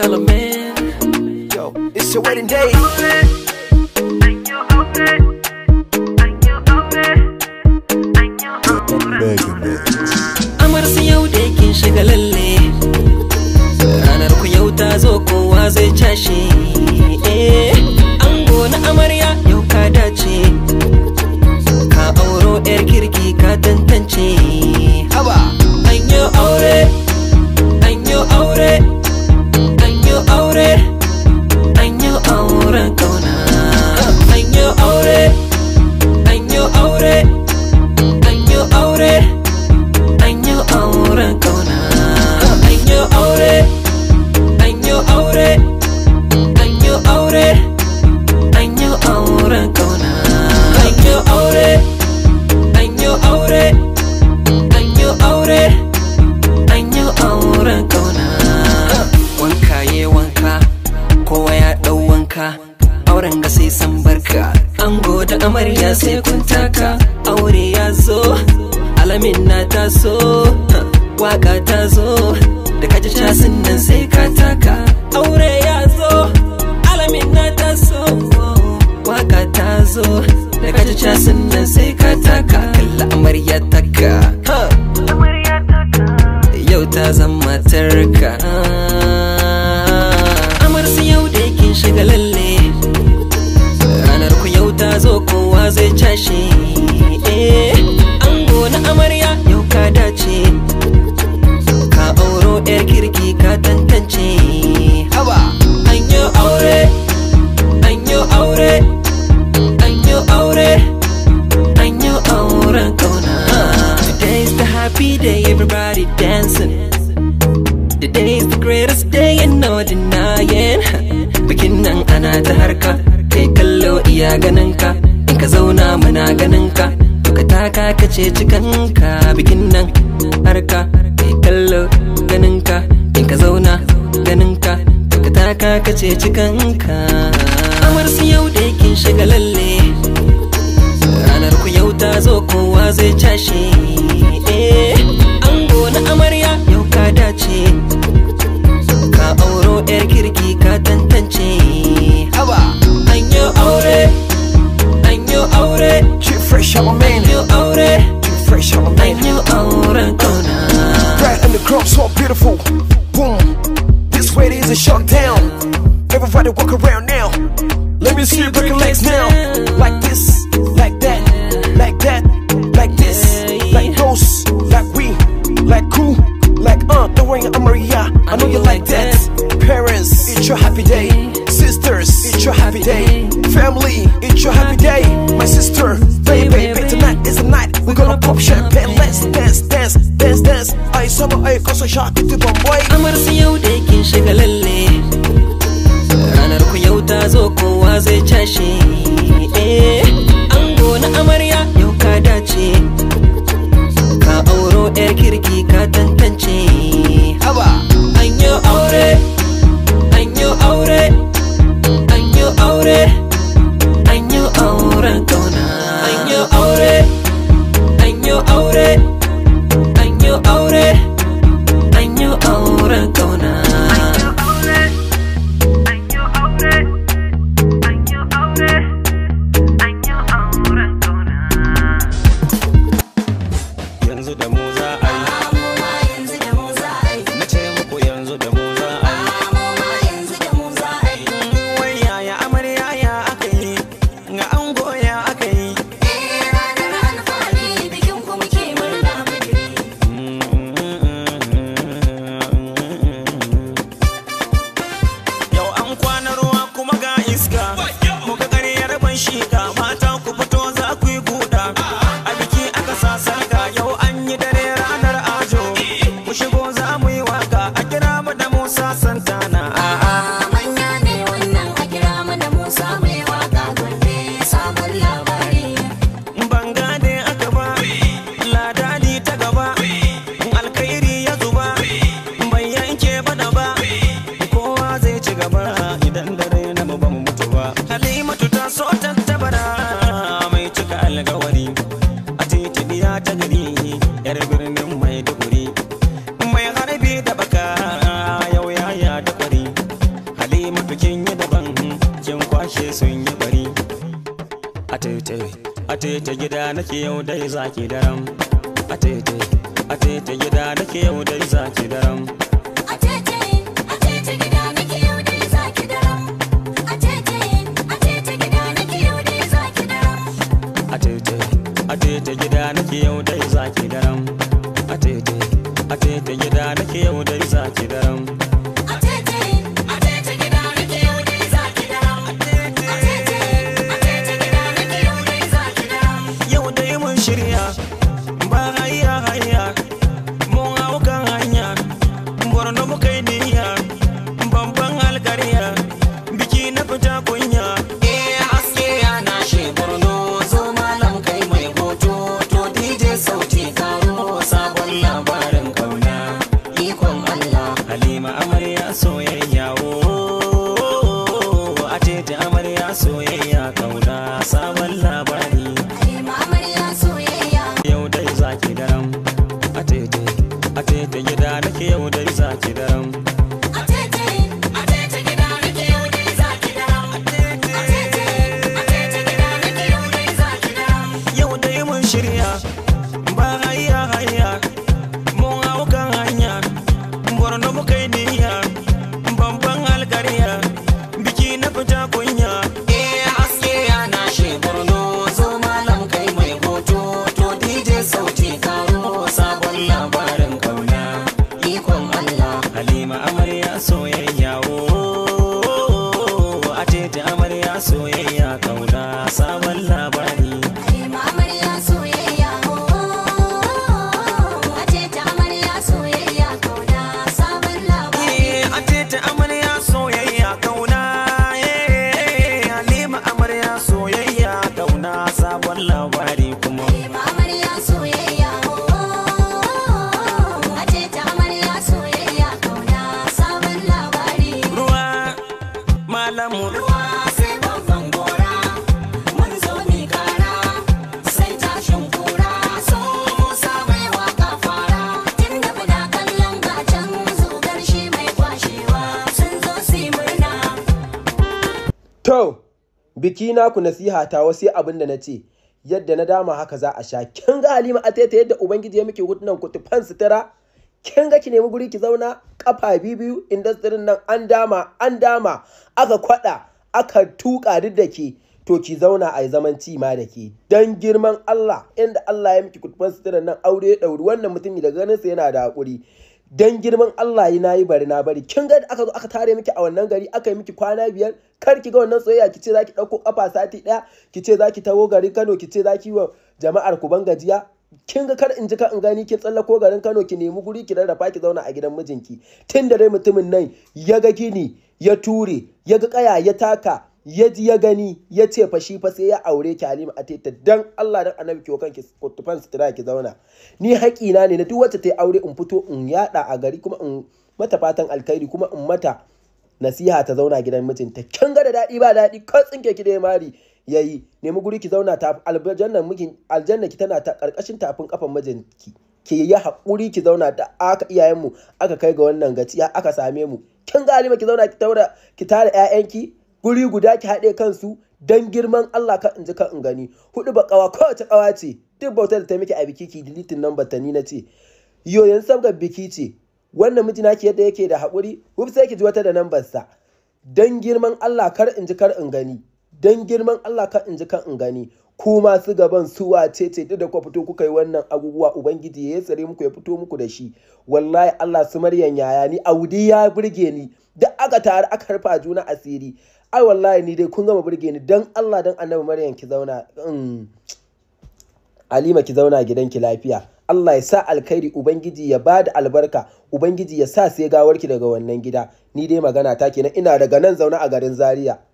Charlemagne. Yo, it's your wedding day. ka auren ga sai san barka ango da amarya sai kun taka aure ya zo alamin na so. waka ta zo da kaji casin nan sai ka taka aure ya zo alamin na so. waka ta zo da kaji casin nan sai ka taka kalla amarya taka yau ta zama tarka ah, amarsu yau shiga lalle ranar ku yau ta zo kowa zai cashe eh ango na amarya yau ka dace ka auro yar kirki ka tantance haba an yi aure an yi aure an yi aure an yi auren kauna today is the happy day everybody dancing Today is the greatest day and no denying bikin nan ana ta harka kai kallo iya ganin ka in ka zauna muna ganin ka to ka taka ka ce cikan ka bikin nan harka kai kallo ganin ka in ka zauna ganin ka to ka taka ka ce cikan ka amar su yau da yakin shiga lalle ranar ku yau ta zo kowa zai cashe eh ango na amarya yau ka dace ka auro yar kiri ce an yi aure an yi aure ci fresh up man an yi aure ci fresh up man an yi auren kauna right and the crop so beautiful boom this way is a shutdown everybody walk around now let me see you break your legs now like best dance, dance, dance, dance ai sama ai kasa sha kiti bambai amar yau da yakin shiga lalle ranar ku yau ta zo kowa zai cashe eh ango na amarya yau ka dace ka auro yar kirki ka ashe sun yi bari a tete a tete gida nake yau dai zaki daram a tete a tete gida nake yau dai zaki daram a tete gida nake yau dai zaki daram a tete a tete gida nake yau dai zaki daram ko dai za ki daram kauna sabon labari biki naku nasiha ta wasu abin da na ce yadda na dama haka za a sha kin ga halima taita yadda ubangiji ya muke hudunan ku tufan sutura kin ga ki nemi guri ki zauna kafa biyu industry nan an dama an dama aka kwada aka tuka duk da ke to ki zauna a zaman ci ma da ke dan girman Allah inda Allah ya miki kutufan sutura nan aure ya dauri wannan mutumi daga ganin sa yana da hakuri dan girman Allah yi nayi bari na bari kin ga aka zo aka tare miki a wannan gari aka yi miki kwana biyar kar ki ga wannan soyayya ki ce zaki dauko kafa sati daya ki ce zaki taho garin Kano ki ce zaki wa jama'ar ku ban gajiya kin ga kar in ji ka in gani kin tsallako garin Kano ki nemi guri ki rarrafa ki zauna a gidan mijinki tun da dai mutumin nan ya ga gini ya ture ya ga kaya ya taka ya ji ya gani ya ce fa shi fa sai ya aure ki Halima teta dan Allah dan Annabi ki kanki kutufan sutura ki zauna ni haƙina ne na duk wacce ta yi aure in fito in yaɗa a gari kuma in mata fatan alkhairi kuma in mata nasiha ta zauna gidan mijinta kin ga da daɗi ba daɗi kan tsinke ki da mari yayi nemi guri ki zauna ta aljanna aljanna ki tana ta karkashin tafin kafan mijinki ki yi haƙuri ki zauna da aka iyayenmu aka kai ga wannan gaciya aka same mu kin ga Halima ki zauna ki ki tara ƴaƴanki guri guda ki haɗe kansu don girman Allah ka in ji ka in gani hudu ba kawa kowace kawa ce duk bautar da ta miki a biki ki dilitin nan batani na ce yo yanzu sam ga biki ce wannan miji naki yadda yake da haƙuri wuf sai ki ji wata da nan sa don girman Allah kar in ji kar in gani don girman Allah kar in ji kar in gani ku masu gaban su wace ce duk da ku fito kuka yi wannan abubuwa ubangiji ya tsare muku ya fito muku da shi wallahi Allah su maryan yaya ni audi ya burge ni duk aka tare aka harfa juna asiri ai wallahi ni dai kun gama burge ni dan Allah dan annabi Maryam ki zauna um, Alima ki zauna gidanki lafiya Allah ya sa alkhairi ubangiji ya ba da albarka ubangiji ya sa sai gawarki daga wannan gida ni dai magana ta kenan ina daga nan zauna a garin Zaria